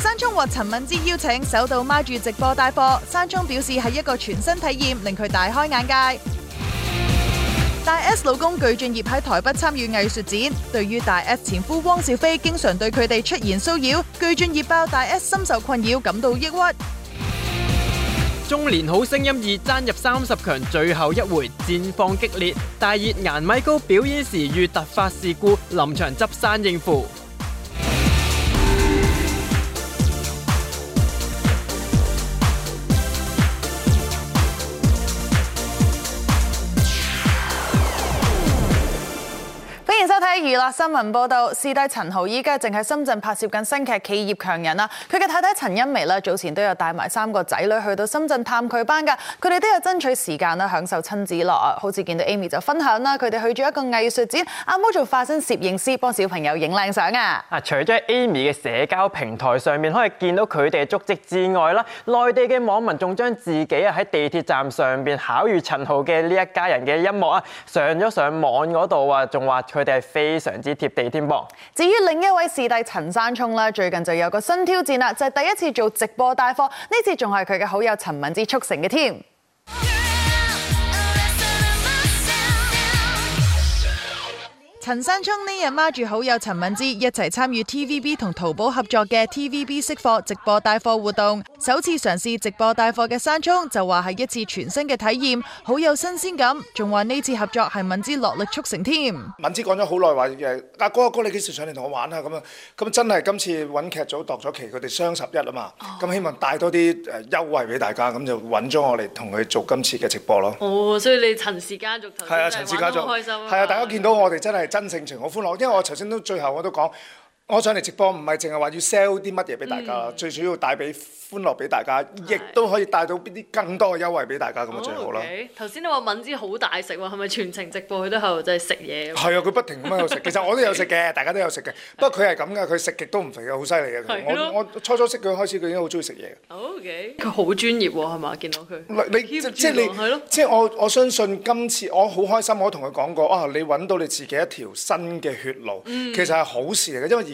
山聰獲陳敏之邀請，首度孖住直播帶貨。山聰表示係一個全新體驗，令佢大開眼界。大 S 老公具俊曄喺台北參與藝術展，對於大 S 前夫汪小菲經常對佢哋出言騷擾，具俊曄爆大 S 深受困擾，感到抑鬱。中年好聲音二爭入三十強，最後一回戰況激烈，大熱顏米高表演時遇突發事故，臨場執生應付。娛樂新聞報道，師弟陳豪依家淨喺深圳拍攝緊新劇《企業強人》啊。佢嘅太太陳茵媺啦，早前都有帶埋三個仔女去到深圳探佢班噶，佢哋都有爭取時間啦，享受親子樂。好似見到 Amy 就分享啦，佢哋去咗一個藝術展，阿媽做化身攝影師，幫小朋友影靚相啊。啊，除咗 Amy 嘅社交平台上面可以見到佢哋嘅足跡之外啦，內地嘅網民仲將自己啊喺地鐵站上邊巧遇陳豪嘅呢一家人嘅一幕啊，上咗上網嗰度啊，仲話佢哋係非常之貼地添噃。至於另一位師弟陳山聰咧，最近就有個新挑戰啦，就係、是、第一次做直播帶貨，呢次仲係佢嘅好友陳敏之促成嘅添。陳山聰呢日孖住好友陳敏之一齊參與 TVB 同淘寶合作嘅 TVB 識貨直播帶貨活動，首次嘗試直播帶貨嘅山聰就話係一次全新嘅體驗，好有新鮮感，仲話呢次合作係敏之落力促成添。敏之講咗好耐話阿哥阿哥、哥、哥你幾時上嚟同我玩啊？咁啊，咁真係今次揾劇組度咗期，佢哋雙十一啊嘛，咁希望帶多啲誒優惠俾大家，咁就揾咗我嚟同佢做今次嘅直播咯。哦，所以你陳氏家族係啊，陳、哦、氏家族開心啊，係、哦、啊，大家見到我哋真係。真性情，好歡樂，因為我頭先都最後我都講。我上嚟直播唔係淨係話要 sell 啲乜嘢俾大家，嗯，最主要帶俾歡樂俾大家，亦都可以帶到啲更多嘅優惠俾大家，咁啊最好啦！頭，哦，先，okay，你話敏芝好大食喎，係咪全程直播佢都喺度真係食嘢？係啊，佢不停咁喺度食。其實我都有食嘅， 大家都有食嘅。不過佢係咁嘅，佢食極都唔肥嘅，好犀利嘅。我，我，我初初識佢開始，佢已經好中意食嘢。OK，佢好專業喎，哦，係嘛？見到佢。你，Keep，即係你，即係我我相信今次我好開心，我同佢講過啊！你揾到你自己一條新嘅血路，嗯，其實係好事嚟嘅，因為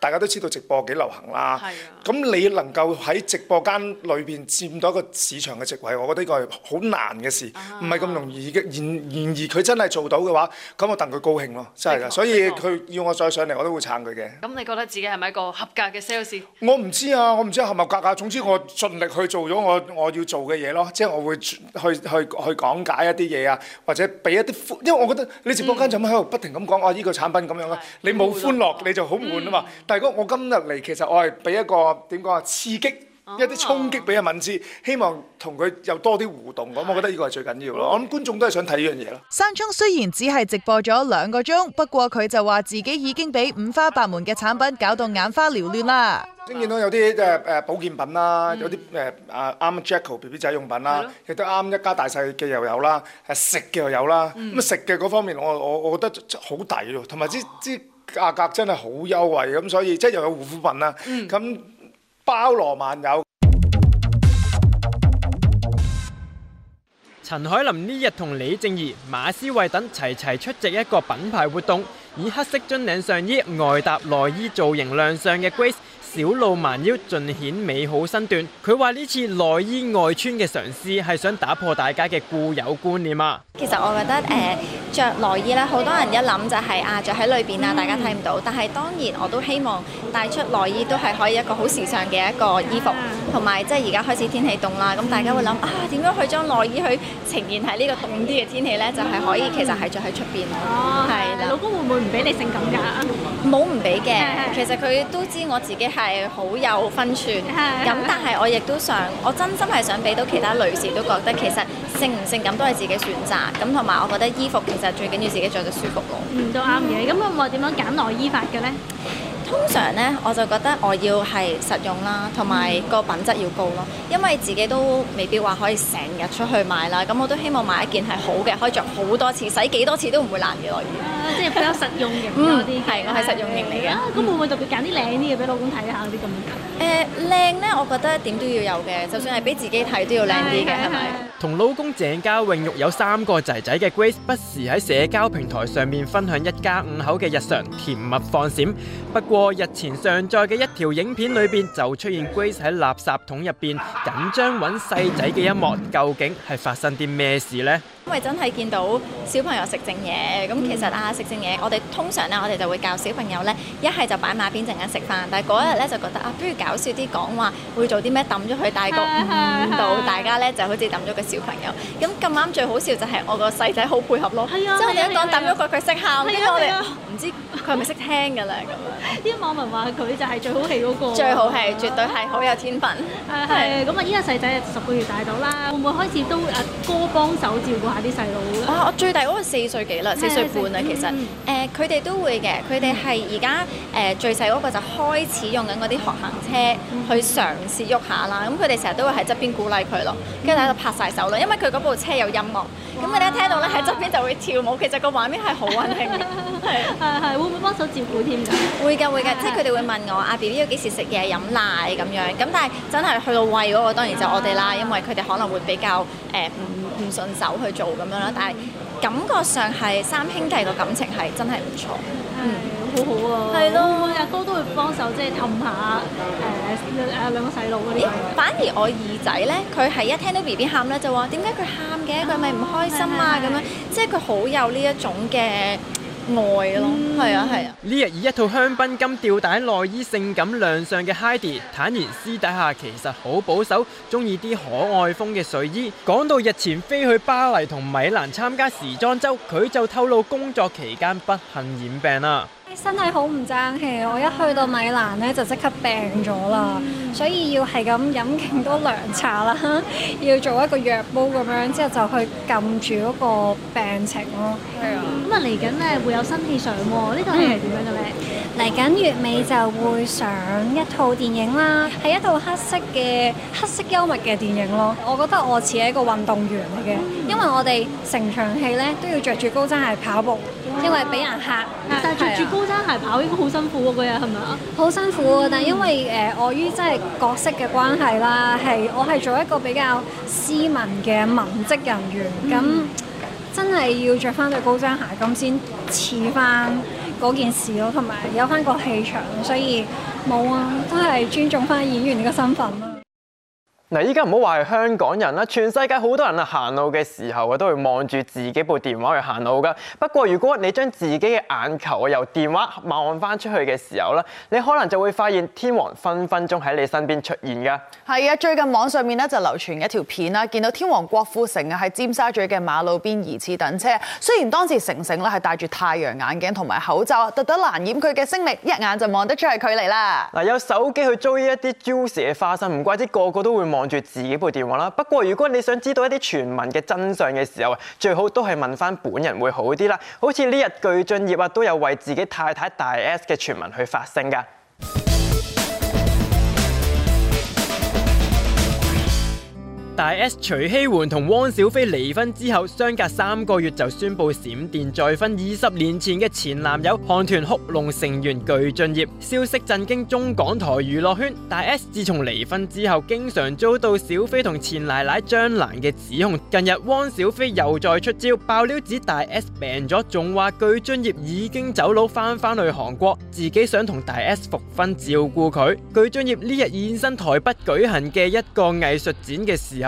大家都知道直播幾流行啦，咁你能夠喺直播間裏邊佔到一個市場嘅席位，我覺得呢個係好難嘅事，唔係咁容易嘅。然然而佢真係做到嘅話，咁我戥佢高興咯，真係噶。所以佢要我再上嚟，我都會撐佢嘅。咁你覺得自己係咪一個合格嘅 sales？我唔知啊，我唔知係咪合格。總之我盡力去做咗我我要做嘅嘢咯，即係我會去去去講解一啲嘢啊，或者俾一啲歡，因為我覺得你直播間就咁喺度不停咁講啊，呢個產品咁樣啊，你冇歡樂你就好悶啊嘛。大哥，我今日嚟其實我係俾一個點講啊刺激、oh, 一啲衝擊俾阿敏芝，oh. 希望同佢又多啲互動，咁、oh. 我覺得呢個係最緊要咯。我諗、oh. 觀眾都係想睇呢樣嘢啦。山聰雖然只係直播咗兩個鐘，不過佢就話自己已經俾五花八門嘅產品搞到眼花撩亂啦。先見到有啲誒誒保健品啦，mm. 有啲誒啊啱 Jackal BB 仔用品啦，亦都啱一家大細嘅又有啦，係食嘅又有啦。咁、mm. 食嘅嗰方面，我我我覺得好抵喎，同埋之之。知 oh. 價格真係好優惠，咁所以即係又有護膚品啦，咁、嗯、包羅萬有。嗯、陳凱琳呢日同李靜怡、馬思慧等齊齊出席一個品牌活動，以黑色樽領上衣外搭內衣造型亮相嘅 Grace 小露蠻腰，盡顯美好身段。佢話呢次內衣外穿嘅嘗試係想打破大家嘅固有觀念啊！其實我覺得誒着、嗯呃、內衣咧，好多人一諗就係、是、啊，着喺裏邊啊，大家睇唔到。但係當然我都希望帶出內衣都係可以一個好時尚嘅一個衣服，同埋即係而家開始天氣凍啦，咁大家會諗啊點樣去將內衣去呈現喺呢個凍啲嘅天氣咧、嗯？就係、是、可以其實係着喺出邊。哦、嗯，係。老公會唔會唔俾你性感㗎？冇唔俾嘅，其實佢都知我自己係好有分寸。咁、嗯嗯、但係我亦都想，我真心係想俾到其他女士都覺得其實性唔性感都係自己選擇。咁同埋，我覺得衣服其實最緊要自己着得舒服咯、嗯。嗯，都啱嘅。咁我點樣揀內衣法嘅呢？通常呢，我就覺得我要係實用啦，同埋個品質要高咯。因為自己都未必話可以成日出去買啦，咁我都希望買一件係好嘅，可以着好多次，洗幾多次都唔會爛嘅內衣、啊。即係比較實用型啲。係、 嗯，我係實用型嚟嘅。咁、嗯啊、會唔會特別揀啲靚啲嘅俾老公睇下啲咁樣？誒、呃，靚呢我覺得點都要有嘅，就算係俾自己睇都要靚啲嘅，係咪？同老公鄭嘉穎育有三個仔仔嘅 Grace 不時喺社交平台上面分享一家五口嘅日常甜蜜放閃。不過日前上載嘅一條影片裏邊就出現 Grace 喺垃圾桶入邊緊張搵細仔嘅一幕，究竟係發生啲咩事呢？因為真係見到小朋友食剩嘢，咁其實、嗯、啊食剩嘢，我哋通常咧，我哋就會教小朋友咧，一係就擺馬邊陣間食飯，但係嗰一日咧就覺得啊，不如搞笑啲講話，會做啲咩揼咗佢，帶個誤導，啊嗯、到大家咧、啊啊、就好似揼咗個小朋友。咁咁啱最好笑就係我個細仔好配合咯，即係、啊啊啊啊啊啊啊啊、我哋一講揼咗佢，佢識喊，呢個我哋唔知佢係咪識聽㗎啦。咁呢啲網民話佢就係最好戲嗰、那個，最好戲 絕對係是 好有天分。誒咁啊，依家細仔十個月大到啦， 會唔會開始都阿哥幫手照顧？啲細佬啊！我最大嗰個四歲幾啦，四歲半啦，嗯，其實誒，佢、呃、哋都會嘅。佢哋係而家誒最細嗰個就開始用緊嗰啲學行車去嘗試喐下啦。咁佢哋成日都會喺側邊鼓勵佢咯，跟住喺度拍晒手咯。因為佢嗰部車有音樂，咁佢一聽到咧喺側邊就會跳舞。其實個畫面係好溫馨嘅，係係係會唔會幫手照顧添㗎？會㗎會㗎，即係佢哋會問我阿 B B 要幾時食嘢飲奶咁樣。咁但係真係去到餵嗰個當然就我哋啦，啊，因為佢哋可能會比較。誒唔唔順手去做咁樣啦，但係感覺上係三兄弟個感情係真係唔錯，嗯，好好啊，係咯，阿哥都會幫手即係氹下誒兩誒兩個細路嗰啲。反而我二仔咧，佢係一聽到 BB 喊咧就話，點解佢喊嘅？佢咪唔開心啊？咁樣，即係佢好有呢一種嘅。外啊、嗯、啊。呢日以一套香檳金吊帶內衣性感亮相嘅 Heidi 坦言私底下其實好保守，中意啲可愛風嘅睡衣。講到日前飛去巴黎同米蘭參加時裝周，佢就透露工作期間不幸染病啦。真係好唔爭氣，我一去到米蘭咧就即刻病咗啦、嗯，所以要係咁飲勁多涼茶啦，要做一個藥煲咁樣，之後就去撳住嗰個病情咯。係啊，咁啊嚟緊咧會有新戲上喎，呢度係點樣嘅咧？嚟、嗯、緊月尾就會上一套電影啦，係一套黑色嘅黑色幽默嘅電影咯。我覺得我似係一個運動員嚟嘅，因為我哋成場戲咧都要着住高踭鞋跑步。因為俾人吓，但、啊、係著住高踭鞋跑應該好辛苦喎，佢係咪啊？好辛苦，好辛苦嗯、但係因為誒礙於真係角色嘅關係啦，係我係做一個比較斯文嘅文職人員，咁、嗯、真係要着翻對高踭鞋咁先似翻件事咯，同埋有翻個氣場，所以冇啊，都係尊重翻演員呢個身份咯。嗱，依家唔好話係香港人啦，全世界好多人啊行路嘅時候啊，都會望住自己部電話去行路噶。不過如果你將自己嘅眼球啊由電話望翻出去嘅時候咧，你可能就會發現天王分分鐘喺你身邊出現噶。係啊，最近網上面咧就流傳一條片啦，見到天王郭富城啊喺尖沙咀嘅馬路邊疑似等車。雖然當時城城咧係戴住太陽眼鏡同埋口罩啊，特登難掩佢嘅聲力，一眼就望得出係佢嚟啦。嗱，有手機去追一啲 juicy 嘅花生，唔怪之個個都會望。望住自己部電話啦。不過如果你想知道一啲傳聞嘅真相嘅時候啊，最好都係問翻本人會好啲啦。好似呢日具俊曄啊，都有為自己太太大 S 嘅傳聞去發聲㗎。S 大 S 徐熙媛同汪小菲離婚之後，相隔三個月就宣布閃電再婚，二十年前嘅前男友韓團酷龍成員巨俊業，消息震驚中港台娛樂圈。大 S 自從離婚之後，經常遭到小菲同前奶奶張蘭嘅指控。近日汪小菲又再出招，爆料指大 S 病咗，仲話巨俊業已經走佬返返去韓國，自己想同大 S 復婚照顧佢。巨俊業呢日現身台北舉行嘅一個藝術展嘅時候，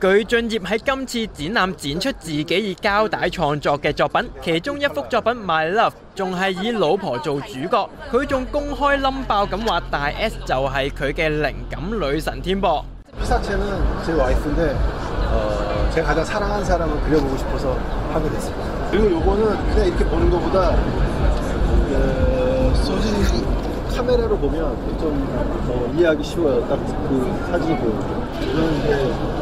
具俊曄喺今次展覽展出自己以膠帶創作嘅作品，其中一幅作品 My Love 仲係以老婆做主角，佢仲公開冧爆咁話大 S 就係佢嘅靈感女神添噃。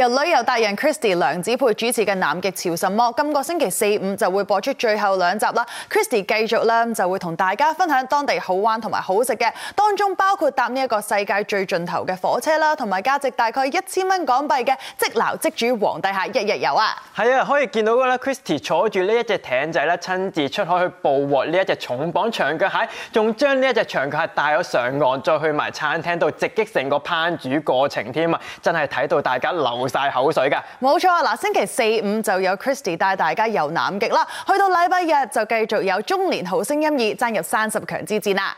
由旅遊達人 Christy 梁子佩主持嘅《南極潮什麼》今個星期四、五就會播出最後兩集啦。Christy 繼續咧就會同大家分享當地好玩同埋好食嘅，當中包括搭呢一個世界最盡頭嘅火車啦，同埋價值大概一千蚊港幣嘅即留即煮皇帝蟹一日遊啊！係啊，可以見到啦，Christy 坐住呢一隻艇仔咧，親自出海去捕獲呢一隻重磅長腳蟹，仲將呢一隻長腳蟹帶咗上岸，再去埋餐廳度直擊成個烹煮過程添啊！真係睇到大家流。曬口水噶，冇錯啊！嗱，星期四五就有 Christy 帶大家遊南極啦，去到禮拜日就繼續有中年好聲音二爭入三十強之戰啦。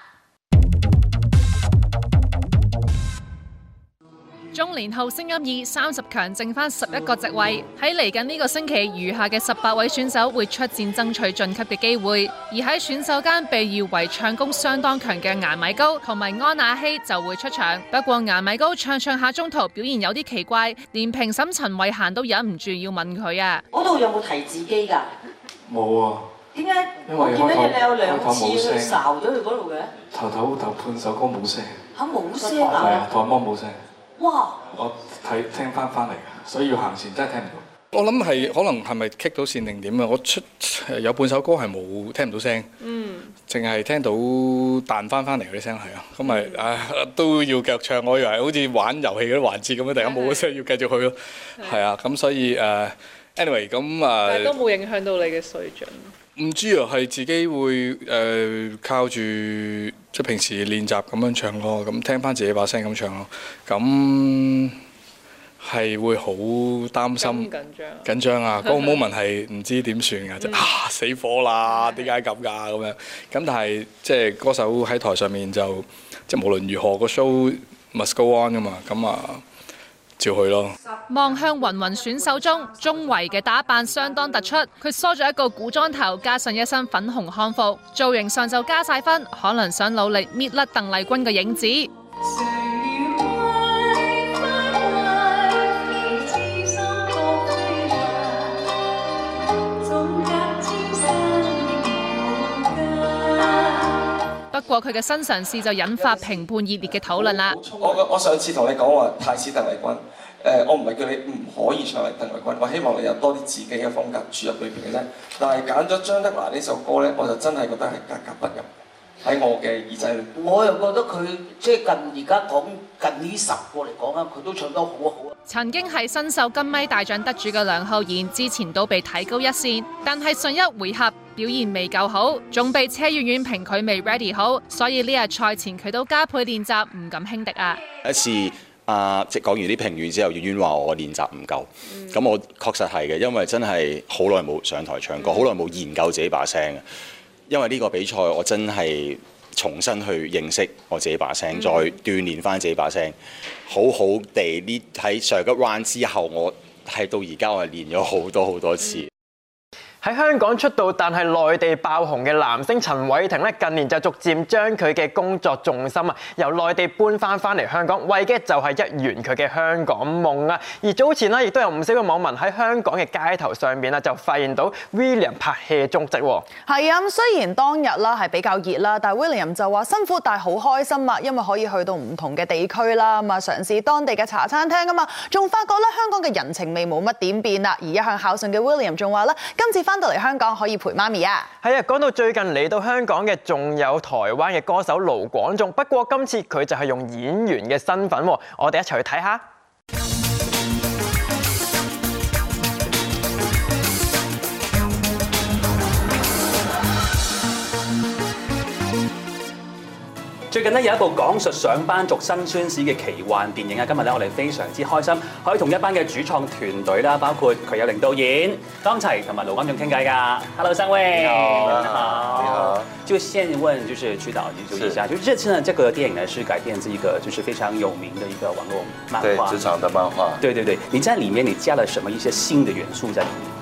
中年后聲音二三十強，剩翻十一個席位。喺嚟緊呢個星期，餘下嘅十八位選手會出戰爭取晉級嘅機、機會。而喺選手間，被譽為唱功相當強嘅牙米高同埋安娜希就會出場。不過牙米高唱唱下中途表現有啲奇怪，連評審陳慧嫻都忍唔住要問佢 啊：嗰度有冇提字機噶？冇啊。點解？因為我見到 有兩次咗佢度嘅。頭頭頭半首歌冇聲。吓冇聲、聲啊？係、哦、啊，冇聲。哇！我睇聽翻翻嚟嘅，所以要行線真係聽唔到。我諗係可能係咪棘到線定點啊？我出有半首歌係冇聽唔到聲，嗯，淨係聽到彈翻翻嚟嗰啲聲係、嗯、啊。咁咪唉都要繼續唱，我以為好似玩遊戲嗰啲環節咁樣，突然間冇咗聲要繼續去咯，係啊。咁所以誒、uh，anyway 咁誒，uh, 都冇影響到你嘅水準。唔知啊，係自己會誒、呃、靠住即係平時練習咁樣唱咯，咁聽翻自己把聲咁唱咯，咁係會好擔心緊張緊張啊！嗰個 moment 係唔知點算嘅，即 啊死火啦！點解咁㗎咁樣？咁但係即係歌手喺台上面就即係無論如何個 show must go on 噶嘛，咁啊～照去咯！望向芸芸選手中，鍾衞嘅打扮相當突出，佢梳咗一個古裝頭，加上一身粉紅漢服，造型上就加晒分。可能想努力搣甩鄧麗君嘅影子。 不過佢嘅新嘗試就引發評判熱烈嘅討論啦。我我上次同你講話，太子鄧麗君。誒，我唔係叫你唔可以唱嚟鄧麗君，我希望你有多啲自己嘅風格注入裏邊嘅咧。但係揀咗張德蘭呢首歌咧，我就真係覺得係格格不入喺我嘅耳仔裏。我又覺得佢即係近而家講近呢十個嚟講啊，佢都唱得好好。曾經係新秀金咪大獎得主嘅梁浩然，之前都被睇高一線，但係上一回合表現未夠好，仲被車婉婉評佢未 ready 好，所以呢日賽前佢都加倍練習，唔敢輕敵啊。一次。啊！即講完啲評語之後，遠遠話我練習唔夠，咁我，嗯、我確實係嘅，因為真係好耐冇上台唱歌，好耐冇研究自己把聲，因為呢個比賽我真係重新去認識我自己把聲，嗯，再鍛煉翻自己把聲，好好地呢，喺上個 round 之後我係到而家我練咗好多好多次。嗯喺香港出道，但係內地爆紅嘅男星陳偉霆咧，近年就逐漸將佢嘅工作重心啊由內地搬翻翻嚟香港，為嘅就係一圓佢嘅香港夢啊！而早前咧，亦都有唔少嘅網民喺香港嘅街頭上面啊，就發現到 William 拍戲嘅蹤跡，係啊，雖然當日啦係比較熱啦，但係 William 就話辛苦但係好開心啊，因為可以去到唔同嘅地區啦，咁啊嘗試當地嘅茶餐廳啊嘛，仲發覺咧，香港嘅人情味冇乜點變啊，而一向孝順嘅 William 仲話咧，今次翻。翻到嚟香港可以陪媽咪啊！係啊，講到最近嚟到香港嘅，仲有台灣嘅歌手盧廣仲。不過今次佢就係用演員嘅身份，我哋一齊去睇下。最近呢，有一部講述上班族辛酸史嘅奇幻電影啊！今日咧我哋非常之開心，可以同一班嘅主創團隊啦，包括佢有零導演，剛才同埋羅光俊傾偈㗎。Hello，三位，你好，你好。你好你好你好，就先問，就是曲導，你究一下。是就這次呢，這個電影呢，是改編自一個，就是非常有名嘅一個網絡漫畫，對，職場的漫畫。對對對，你在裏面你加了什麼一些新的元素在裏面？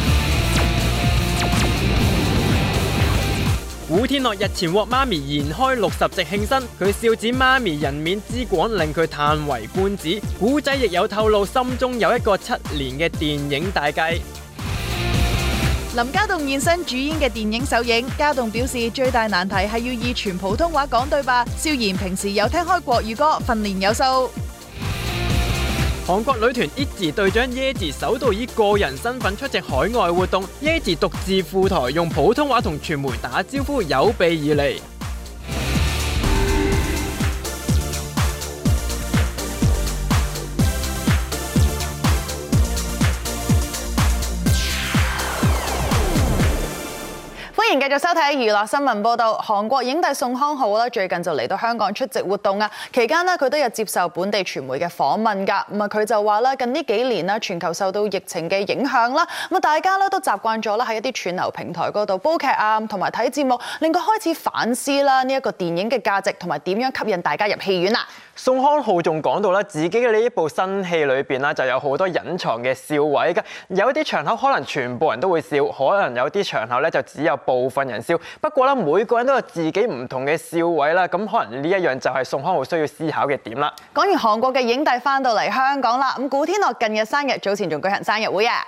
古天樂日前獲媽咪延開六十席慶生，佢笑指媽咪人面之廣令佢嘆為觀止。古仔亦有透露心中有一個七年嘅電影大計。林家棟現身主演嘅電影首映，家棟表示最大難題係要以全普通話講對白，笑言平時有聽開國語歌，訓練有素。韓國女團 ITZY 隊長 Yeji 首度以個人身份出席海外活動，Yeji 獨自赴台，用普通話同傳媒打招呼，有備而嚟。歡迎繼續收睇娛樂新聞報道，韓國影帝宋康昊啦，最近就嚟到香港出席活動啊。期間咧，佢都有接受本地傳媒嘅訪問噶。咁啊，佢就話啦，近呢幾年啦，全球受到疫情嘅影響啦，咁啊，大家咧都習慣咗啦喺一啲串流平台嗰度煲劇啊，同埋睇節目，令佢開始反思啦呢一個電影嘅價值同埋點樣吸引大家入戲院啦。宋康昊仲講到咧，自己嘅呢一部新戲裏邊啦，就有好多隱藏嘅笑位嘅，有啲場口可能全部人都會笑，可能有啲場口咧就只有部分人笑。不過咧，每個人都有自己唔同嘅笑位啦，咁可能呢一樣就係宋康昊需要思考嘅點啦。講完韓國嘅影帝翻到嚟香港啦，咁古天樂近日生日，早前仲舉行生日會啊。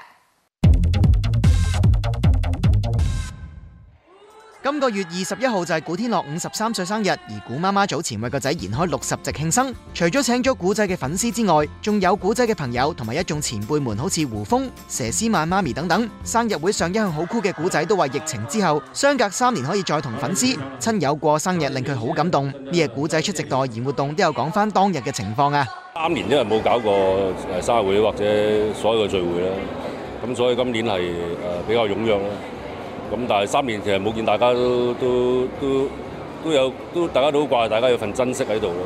今個月二十一號就係古天樂五十三歲生日，而古媽媽早前為個仔延開六十席慶生，除咗請咗古仔嘅粉絲之外，仲有古仔嘅朋友同埋一眾前輩們，好似胡楓、佘詩曼媽咪等等。生日會上一向好酷嘅古仔都話，疫情之後相隔三年可以再同粉絲親友過生日，令佢好感動。呢日古仔出席代言活動，都有講翻當日嘅情況啊。三年都係冇搞過生日會或者所有嘅聚會啦，咁所以今年係誒比較踴躍啦。咁但係三年其實冇見大家都都都都有都大家都好掛，大家有份珍惜喺度咯。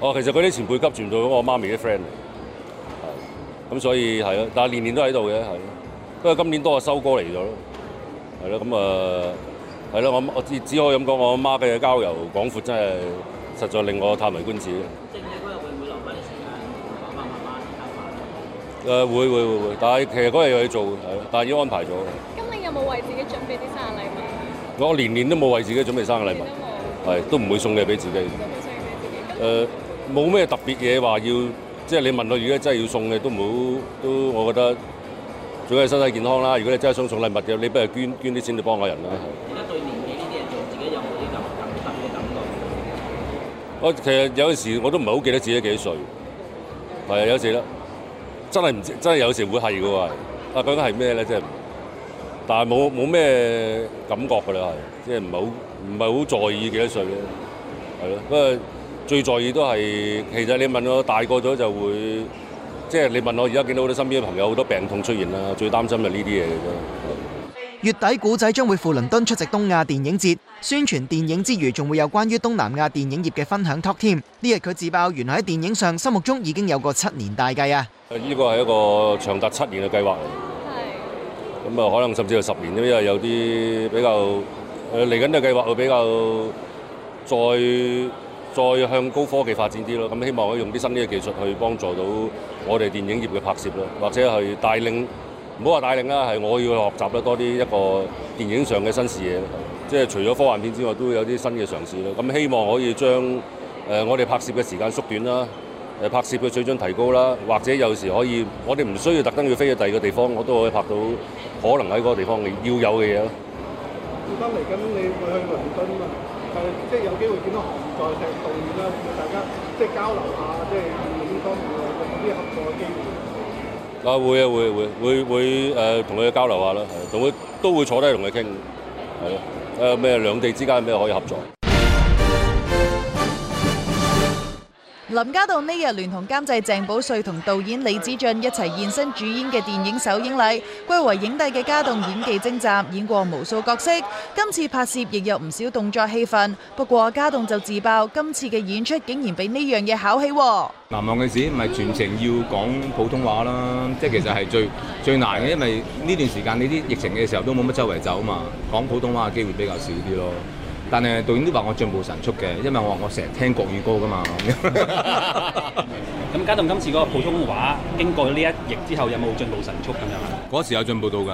哦，其實嗰啲前輩級全部都我媽咪啲 friend 嚟，咁所以係啊。但係年年都喺度嘅，係，不過今年都係收哥嚟咗咯，係咯，咁、嗯、啊，係咯，我我只只可以咁講我阿媽嘅交遊廣闊真係實在令我歎為觀止。誒會會會會，但係其實嗰日又去做，係咯，但係已經安排咗。咁你有冇為自己準備啲生日禮物？我年年都冇為自己準備生日禮物，係都唔會送嘅俾自己。誒冇咩特別嘢話要，即係你問我如果真係要送嘅都冇，都我覺得最緊要係身體健康啦。如果你真係想送禮物嘅，你不如捐捐啲錢去幫下人啦。而家對年紀呢啲人，做自己有冇啲咁緊迫嘅感覺？我其實有時我都唔係好記得自己幾歲，係啊，有時啦。真係唔知，真係有時會係嘅喎。啊，究竟係咩咧？即係，但係冇冇咩感覺嘅咧，係，即係唔係好唔係好在意幾多歲咧？係咯。不過最在意的都係，其實你問我大個咗就會，即係你問我而家見到我身邊嘅朋友好多病痛出現啦，最擔心就呢啲嘢嘅啫。月底，古仔將會赴倫敦出席東亞電影節，宣傳電影之餘，仲會有關於東南亞電影業嘅分享 talk 添。呢日佢自爆，原來喺電影上心目中已經有個七年大計啊！呢個係一個長達七年嘅計劃嚟，咁啊，可能甚至係十年，因為有啲比較，誒嚟緊嘅計劃會比較再再向高科技發展啲咯。咁希望可以用啲新啲嘅技術去幫助到我哋電影業嘅拍攝啦，或者係帶領。唔好話帶領啦，係我要去學習得多啲一個電影上嘅新視野，即係除咗科幻片之外，都有啲新嘅嘗試咯。咁希望可以將誒我哋拍攝嘅時間縮短啦，誒拍攝嘅水準提高啦，或者有時可以我哋唔需要特登要飛去第二個地方，我都可以拍到可能喺嗰個地方嘅要有嘅嘢咯。講翻嚟，咁你會去倫敦啊？係即係有機會見到韓國嘅導演啦，大家即係交流下，即係電影方面嘅啲合作嘅機會。啊，會啊，會啊，會會會。誒、呃，同佢交流下啦，同佢都會坐低同佢傾。係咯，誒咩兩地之間，有咩可以合作？林家棟呢日聯同監製鄭保瑞同導演李子俊一齊現身主演嘅電影首映禮，歸為影帝嘅家棟演技精湛，演過無數角色，今次拍攝亦有唔少動作戲份。不過家棟就自爆，今次嘅演出竟然俾呢樣嘢考起喎。難忘嘅事咪全程要講普通話啦，即係其實係最最難嘅，因為呢段時間呢啲疫情嘅時候都冇乜周圍走嘛，講普通話嘅機會比較少啲咯。但係導演都話我進步神速嘅，因為我話我成日聽國語歌㗎嘛。咁家棟今次嗰個普通話經過呢一役之後，有冇進步神速咁樣啊？嗰時有進步到㗎。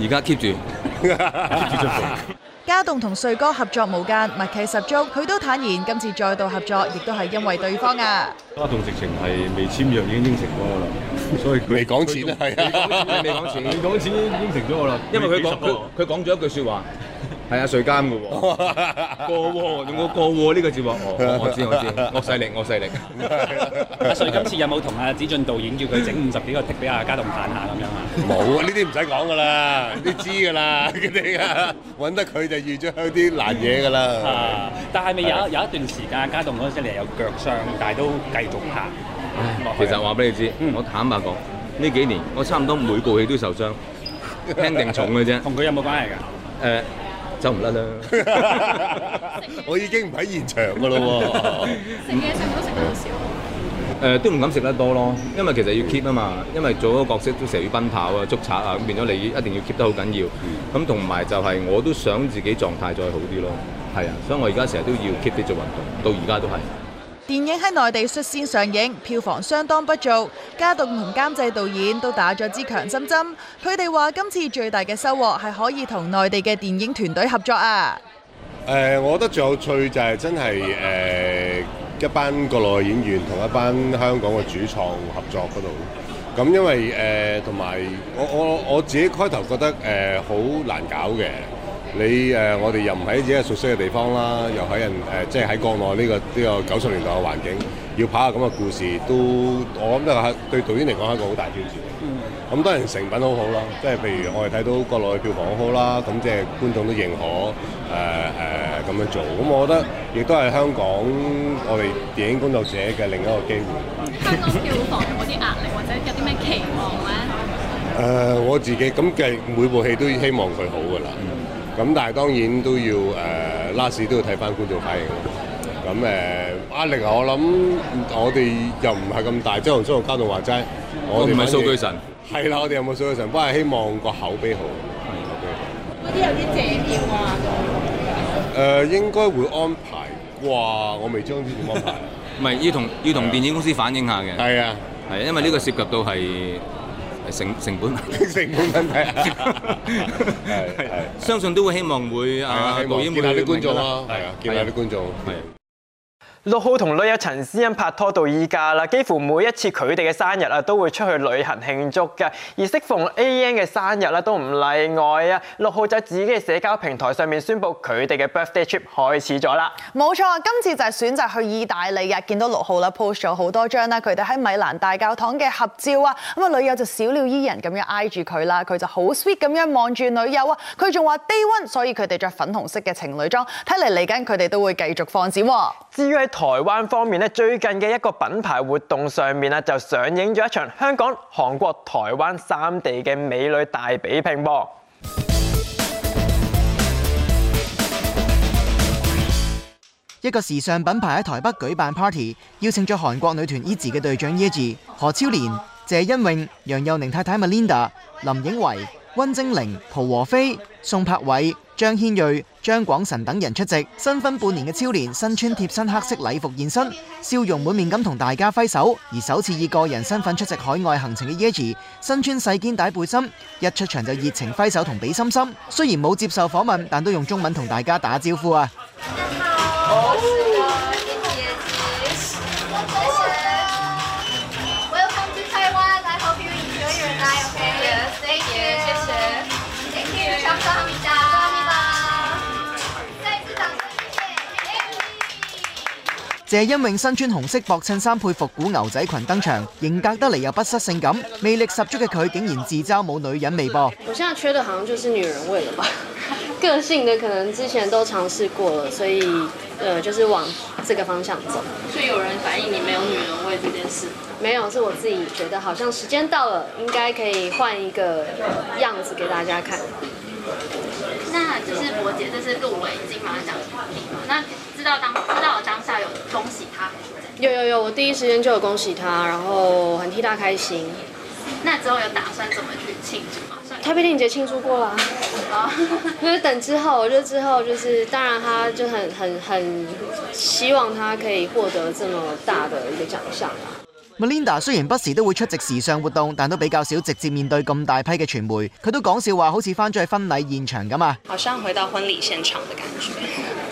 而家 keep 住，keep 住進步。家棟同帥哥合作無間，默契十足。佢都坦言今次再度合作，亦都係因為對方啊。家棟直情係未簽約已經應承咗我啦，所以未講錢啊，係啊，未講錢，講錢應承咗我啦，因為佢講佢講咗一句説話。係啊，瑞監嘅喎，過喎，仲過過喎呢個節目喎，我我知我知，惡勢力，惡勢力。阿瑞今次有冇同阿子俊導演要佢整五十幾個 take 俾阿嘉棟拍下咁樣啊？冇啊，呢啲唔使講嘅啦，你知嘅啦，佢哋啊，揾得佢就預咗有啲爛嘢嘅啦。啊！但係咪有有一段時間嘉棟嗰陣時係有腳傷，但係都繼續拍。唉，其實話俾你知，我坦白講，呢幾年我差唔多每部戲都受傷，輕定重嘅啫。同佢有冇關係㗎？誒。得唔得咧？我已經唔喺現場㗎咯喎。食嘢食唔多，食得少。誒，都唔敢食得多咯，因為其實要 keep 啊嘛。因為做嗰個角色都成日要奔跑啊、捉賊啊，咁變咗你一定要 keep 得好緊要。咁同埋就係我都想自己狀態再好啲咯。係啊，所以我而家成日都要 keep 啲做運動，到而家都係。電影喺內地率先上映，票房相當不俗。家棟同監製導演都打咗支強心針。佢哋話今次最大嘅收穫係可以同內地嘅電影團隊合作啊。誒、呃，我覺得最有趣就係真係誒、呃、一班國內演員同一班香港嘅主創合作嗰度。咁、嗯、因為誒同埋我我我自己開頭覺得誒好、呃、難搞嘅。你誒，我哋又唔喺自己熟悉嘅地方啦，又喺人誒，即係喺國內呢個呢個九十年代嘅環境，要拍下咁嘅故事，都我諗都係對導演嚟講係一個好大挑戰。嗯。咁當然成品好好啦，即係譬如我哋睇到國內票房好啦，咁即係觀眾都認可誒誒咁樣做。咁我覺得亦都係香港我哋電影工作者嘅另一個機會。香港票房有冇啲壓力或者有啲咩期望咧？誒，我自己咁計，每部戲都希望佢好噶啦。咁但係當然都要誒，last 都要睇翻觀眾反應。咁誒壓力我諗我哋又唔係咁大，即係我同張學嘉同話齋，我哋唔係數據神。係啦，我哋又冇數據神，不過希望個口碑好。係，口碑好。嗰啲有啲借票啊，嗰啲。誒，應該會安排啩？我未將啲嘢安排。唔係要同要同電影公司反映下嘅？係啊，係因為呢個涉及到係。成成本 成本問題啊！係 相信都會希望會啊，無線會帶啲觀眾，係啊，咯、啊，見下啲、啊啊、觀眾、啊。係、啊。六號同女友陳思欣拍拖到依家啦，幾乎每一次佢哋嘅生日啊，都會出去旅行慶祝嘅。而適逢 A N 嘅生日咧，都唔例外啊。六號就喺自己嘅社交平台上面宣布佢哋嘅 birthday trip 開始咗啦。冇錯，今次就係選擇去意大利啊。見到六號啦，post 咗好多張啦，佢哋喺米蘭大教堂嘅合照啊。咁啊，女友就小鳥依人咁樣挨住佢啦，佢就好 sweet 咁樣望住女友啊。佢仲話 day one，所以佢哋着粉紅色嘅情侶裝。睇嚟嚟緊佢哋都會繼續放閃喎。至於，台灣方面咧，最近嘅一個品牌活動上面啊，就上映咗一場香港、韓國、台灣三地嘅美女大比拼噃。一個時尚品牌喺台北舉辦 party，邀請咗韓國女團 E D 嘅隊長 E D、何超蓮、謝欣穎、楊佑寧太太 Melinda、林影維、温晶玲、陶和飛、宋柏偉。張軒睿、張廣神等人出席新，新婚半年嘅超蓮身穿貼身黑色禮服現身，笑容滿面咁同大家揮手；而首次以個人身份出席海外行程嘅 Ye，身穿細肩帶背心，一出場就熱情揮手同比心心。雖然冇接受訪問，但都用中文同大家打招呼啊！謝欣穎身穿紅色薄襯衫配復古牛仔裙登場，型格得嚟又不失性感，魅力十足嘅佢竟然自嘲冇女人味噃。我現在缺的好像就是女人味了吧？個性的可能之前都嘗試過了，所以，呃，就是往這個方向走。所以有人反映你沒有女人味這件事？沒有，是我自己覺得好像時間到了，應該可以換一個樣子給大家看。那就是伯姐，這，就是入圍金馬獎嘛？這樣，那知道當知道我當下有。有有有，我第一時間就有恭喜他，然後很替他開心。那之後有打算怎麼去慶祝嗎？台北電影節慶祝過啊。啊， 就是等之後，我覺得之後就是，當然他就很很很希望他可以獲得這麼大的一個獎項。Melinda 雖然不時都會出席時尚活動，但都比較少直接面對咁大批嘅傳媒，佢都講笑話，好似翻咗去婚禮現場咁啊。好像回到婚禮現場的感覺。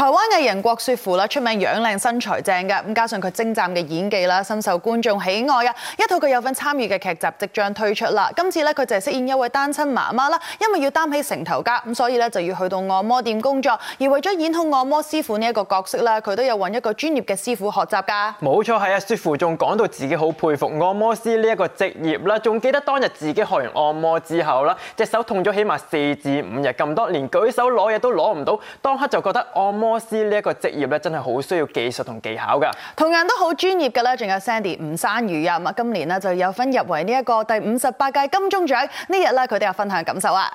台灣藝人郭雪芙啦，出名樣靚身材正嘅，咁加上佢精湛嘅演技啦，深受觀眾喜愛啊！一套佢有份參與嘅劇集即將推出啦。今次咧，佢就係飾演一位單親媽媽啦，因為要擔起成頭家，咁所以咧就要去到按摩店工作。而為咗演好按摩師傅呢一個角色咧，佢都有揾一個專業嘅師傅學習㗎。冇錯，係啊！雪芙仲講到自己好佩服按摩師呢一個職業啦，仲記得當日自己學完按摩之後啦，隻手痛咗起碼四至五日咁多年，連舉手攞嘢都攞唔到，當刻就覺得按摩。摩斯呢一個職業咧，真係好需要技術同技巧噶。同樣都好專業嘅咧，仲有 Sandy 吳姍儒啊，咁啊今年咧就有分入圍呢一個第五十八屆金鐘獎。呢日咧佢都有分享感受啊。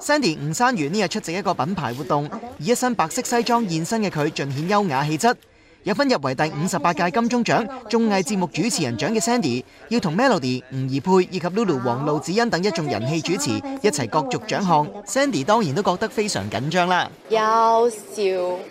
Sandy 吳姍儒呢日出席一個品牌活動，以一身白色西裝現身嘅佢，盡顯優雅氣質。有分入圍第五十八屆金鐘獎綜藝節目主持人獎嘅 Sandy，要同 Melody 吳、吳怡佩以及 Lulu、黃璐、子欣等一眾人氣主持一齊角逐獎項，Sandy 當然都覺得非常緊張啦。有笑。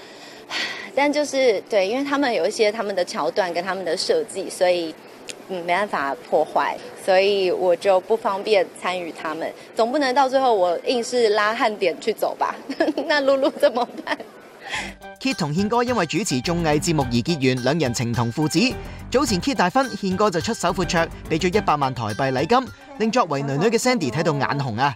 但就是對，因為他們有一些他們的橋段跟他們的設計，所以，嗯，沒辦法破壞，所以我就不方便參與他們。總不能到最後我硬是拉漢點去走吧？ 那露露怎麼辦？Kit 同憲哥因為主持綜藝節目而結緣，兩人情同父子。早前 Kit 大婚，憲哥就出手闊綽，俾咗一百萬台幣禮金，令作為囡囡嘅 Sandy 睇到眼紅啊！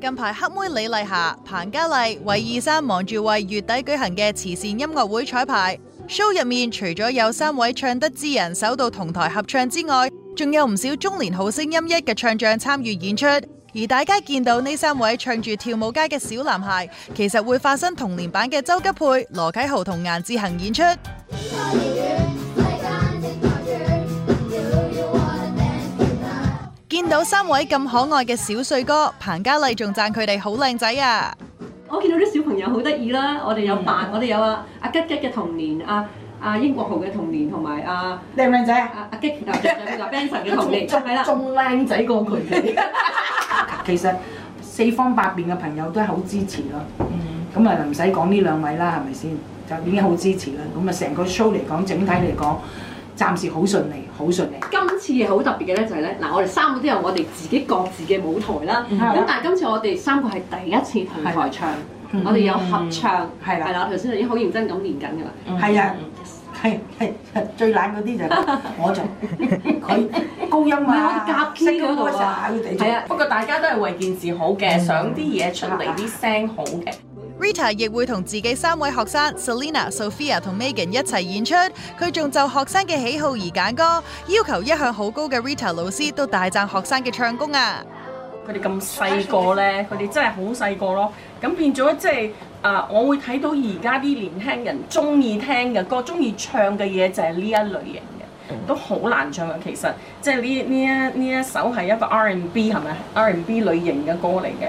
近排黑妹李麗霞、彭家麗、韋綺姍忙住為月底舉行嘅慈善音樂會彩排，show 入面除咗有三位唱得之人首度同台合唱之外，仲有唔少中年好聲音一嘅唱將參與演出。而大家見到呢三位唱住跳舞街嘅小男孩，其實會化身童年版嘅周吉佩、羅啟豪同顏志恒演出。到三位咁可愛嘅小帥哥，彭嘉麗仲讚佢哋好靚仔啊！我見到啲小朋友好得意啦，我哋有扮，我哋有阿阿吉吉嘅童年，阿阿英國豪嘅童年，同埋阿靚唔靚仔，阿阿吉吉同埋阿 Benson 嘅童年，係咪啦？仲靚仔過佢哋，其實四方八面嘅朋友都係好支持咯。咁啊，唔使講呢兩位啦，係咪先？就已經好支持啦。咁啊，成個 show 嚟講，整體嚟講。暫時好順利，好順利。今次嘅好特別嘅咧就係、是、咧，嗱我哋三個都有我哋自己各自嘅舞台啦。咁、mm-hmm. 但係今次我哋三個係第一次同台唱，mm-hmm. 我哋有合唱，係、mm-hmm. 啦，頭先已經好認真咁練緊㗎啦。係、mm-hmm. 啊、mm-hmm. yes.，係係最懶嗰啲就係我， 我做，佢 高音啊，唔係我哋夾 K 度啊， 啊。 不過大家都係為件事好嘅，mm-hmm. 想啲嘢出嚟啲聲好嘅。Rita 亦會同自己三位學生 Selina Sophia 同 Megan 一齊演出，佢仲就學生嘅喜好而揀歌，要求一向好高嘅 Rita 老師都大讚學生嘅唱功啊！佢哋咁細個咧，佢哋真係好細個咯。咁變咗即係啊，我會睇到而家啲年輕人中意聽嘅歌、中意唱嘅嘢就係呢一類型嘅，都好難唱嘅。其實即係呢呢一呢一,一首係一個 R&B 係咪啊？R&B 類型嘅歌嚟嘅。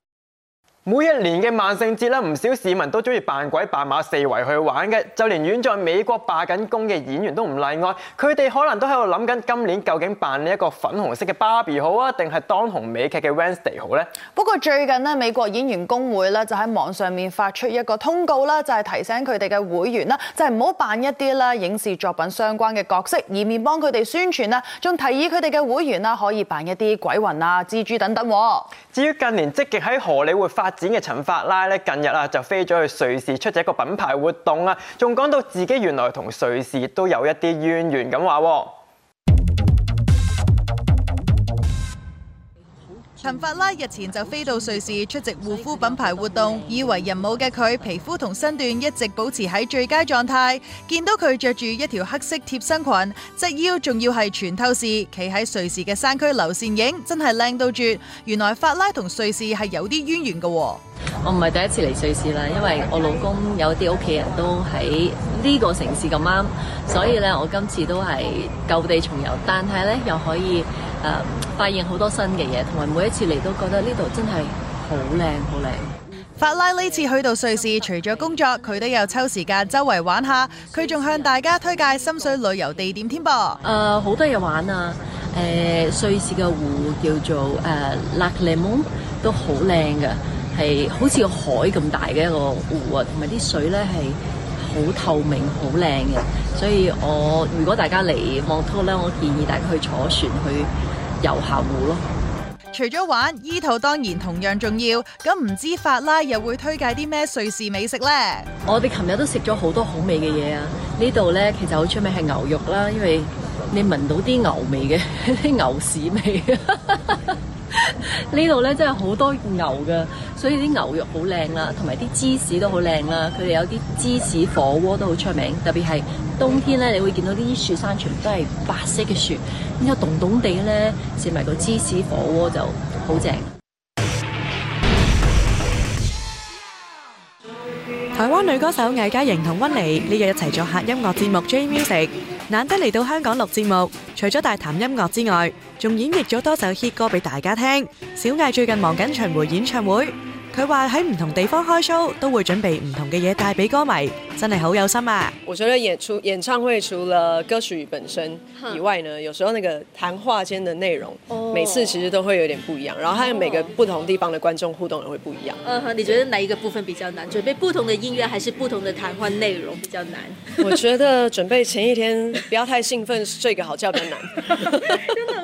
每一年嘅萬聖節啦，唔少市民都中意扮鬼扮馬四圍去玩嘅，就連遠在美國罷緊工嘅演員都唔例外。佢哋可能都喺度諗緊今年究竟扮呢一個粉紅色嘅芭比好啊，定係當紅美劇嘅 Wednesday 好呢？不過最近呢，美國演員工會咧就喺網上面發出一個通告啦，就係、是、提醒佢哋嘅會員啦，就係唔好扮一啲啦影視作品相關嘅角色，以免幫佢哋宣傳啦。仲提議佢哋嘅會員啦可以扮一啲鬼魂啊、蜘蛛等等。至於近年積極喺荷里活發展嘅陳法拉咧，近日啊就飛咗去瑞士出席一個品牌活動啊，仲講到自己原來同瑞士都有一啲淵源咁話。陳法拉日前就飛到瑞士出席護膚品牌活動，已為人母嘅佢皮膚同身段一直保持喺最佳狀態。見到佢着住一條黑色貼身裙，側腰仲要係全透視，企喺瑞士嘅山區流線影，真係靚到絕。原來法拉同瑞士係有啲淵源嘅。我唔係第一次嚟瑞士啦，因為我老公有啲屋企人都喺呢個城市咁啱，所以咧我今次都係舊地重遊，但係咧又可以誒發現好多新嘅嘢，同埋每一次嚟都覺得呢度真係好靚，好靚。法拉呢次去到瑞士，除咗工作，佢都有抽時間周圍玩下。佢仲向大家推介心水旅遊地點添噃。誒、呃，好多嘢玩啊！誒、呃，瑞士嘅湖叫做誒、呃、Lac Léman，都好靚嘅，係好似個海咁大嘅一個湖啊，同埋啲水咧係好透明、好靚嘅。所以我如果大家嚟沃托咧，我建議大家去坐船去遊下湖咯。除咗玩，呢套當然同樣重要。咁唔知法拉又會推介啲咩瑞士美食呢？我哋琴日都食咗好多好味嘅嘢啊！呢度呢，其實好出名係牛肉啦，因為你聞到啲牛味嘅、啲牛屎味。 呢度咧真係好多牛噶，所以啲牛肉好靚啦，同埋啲芝士都好靚啦。佢哋有啲芝士火鍋都好出名，特別係冬天咧，你會見到呢啲雪山全部都係白色嘅雪，然後凍凍地咧食埋個芝士火鍋就好正。台灣女歌手魏嘉瑩同溫妮呢日一齊做客音樂節目《J Music》。難得嚟到香港錄節目，除咗大談音樂之外，仲演繹咗多首 hit 歌俾大家聽。小艾最近忙緊巡迴演唱會。佢話喺唔同地方開 show 都會準備唔同嘅嘢帶俾歌迷，真係好有心啊！我覺得演出演唱會除了歌曲本身以外呢，huh. 有時候那個談話間的內容，oh. 每次其實都會有點不一樣。然後還有每個不同地方的觀眾互動會不一樣。嗯哼，你覺得哪一個部分比較難？Uh-huh. 準備不同的音樂，還是不同的談話內容比較難？ 我覺得準備前一天不要太興奮， 睡個好覺比較難。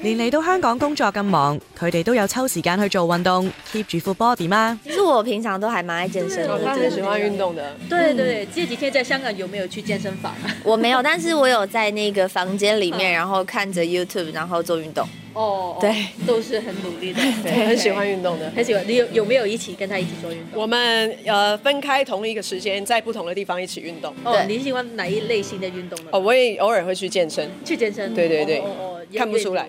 連嚟到香港工作咁忙，佢哋都有抽時間去做運動，keep 住副 body 嗎？即我平常都還蠻愛健身，他真係喜歡運動的。嗯、對對這幾天在香港有沒有去健身房啊？我沒有，但是我有在那個房間裏面，然後看着 YouTube，然後做運動、啊。哦，對、哦，都是很努力的，對對 okay. 很喜歡運動的，很喜歡。你有有沒有一起跟他一起做運動？我們，呃，分開同一個時間，在不同的地方一起運動。哦，你喜歡哪一類型的運動呢？哦，我也偶爾會去健身，去健身。對對對，哦哦、看不出來。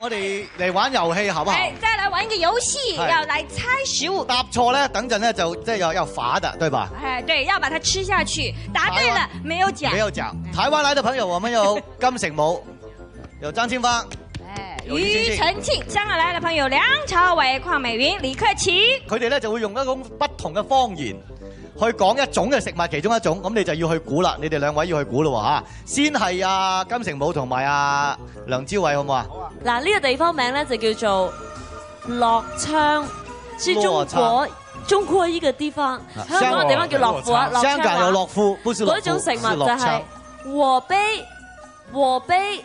我哋嚟玩遊戲，好唔好啊？再來玩一個遊戲，要嚟猜食物。答錯呢，等陣呢，就即係要要罰的，對吧？哎對，要把它吃下去。答對了，沒有獎。沒有獎。沒有獎。台灣來的朋友，我們有金城武， 有張清芳。庾澄慶、香港來嘅朋友梁朝偉、鄺美雲、李克勤，佢哋咧就會用一種不同嘅方言去講一種嘅食物，其中一種咁你就要去估啦，你哋兩位要去估咯吓，先係阿、啊、金城武同埋阿梁朝偉好唔好啊？嗱、這、呢個地方名咧就叫做樂昌，是中國、中國依個地方，香港嘅地方叫樂富。樂樂樂樂有樂富，樂昌啊，樂富，一種食物就係和卑，和卑。和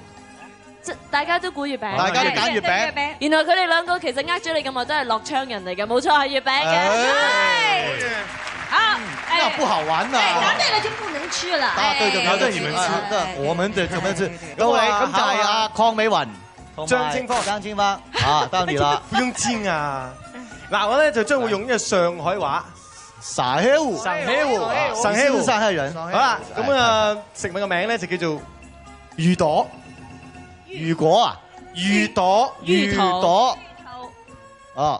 大家都估月，月、哎、月餅，大家都揀月餅。原來佢哋兩個其實呃咗你咁耐，都係樂昌人嚟嘅，冇錯係月餅嘅、哎。好，哎、不好玩啊，答對了就不能吃了。答對就答對，你們吃，我們得怎麼吃？各位，跟住阿鄺美雲、張青花、張青花，啊，到你啦，用煎啊。嗱，我咧就將會用呢個上海話，上海話，上海話，上海人。好啦，咁啊，食物嘅名咧就叫做魚朵。如果啊，芋朵、芋朵、哦，啊，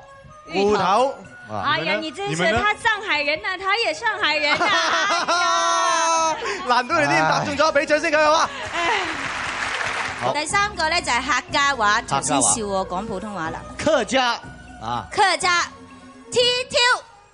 芋頭，哎、啊、呀，你真是，他上海人啊，他也上海人啊， 哎、呀難到你呢，答中咗，俾掌聲佢好啊、哎，第三個咧就係客家話，頭先笑我講普通話啦。客家啊，客家，T T。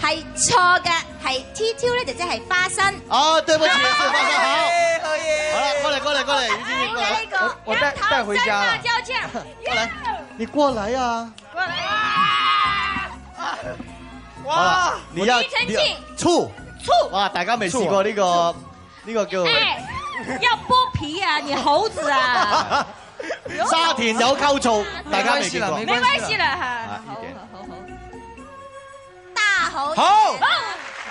係錯嘅，係 T two 咧就即係花生。哦，對不起，花生好。好啦，過嚟過嚟過嚟。好呢個，帶帶回家。來，你過嚟呀。過嚟。哇！李嘉，醋醋。哇，大家未試過呢個呢個叫。要剝皮啊，你猴子啊！沙田有溝醋，大家未試過。沒關係啦，係。啊、好，好，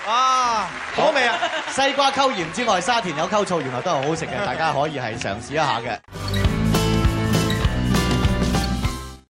哇，好味啊！ 西瓜溝鹽之外，沙田有溝醋，原來都係好好食嘅，大家可以係嘗試一下嘅。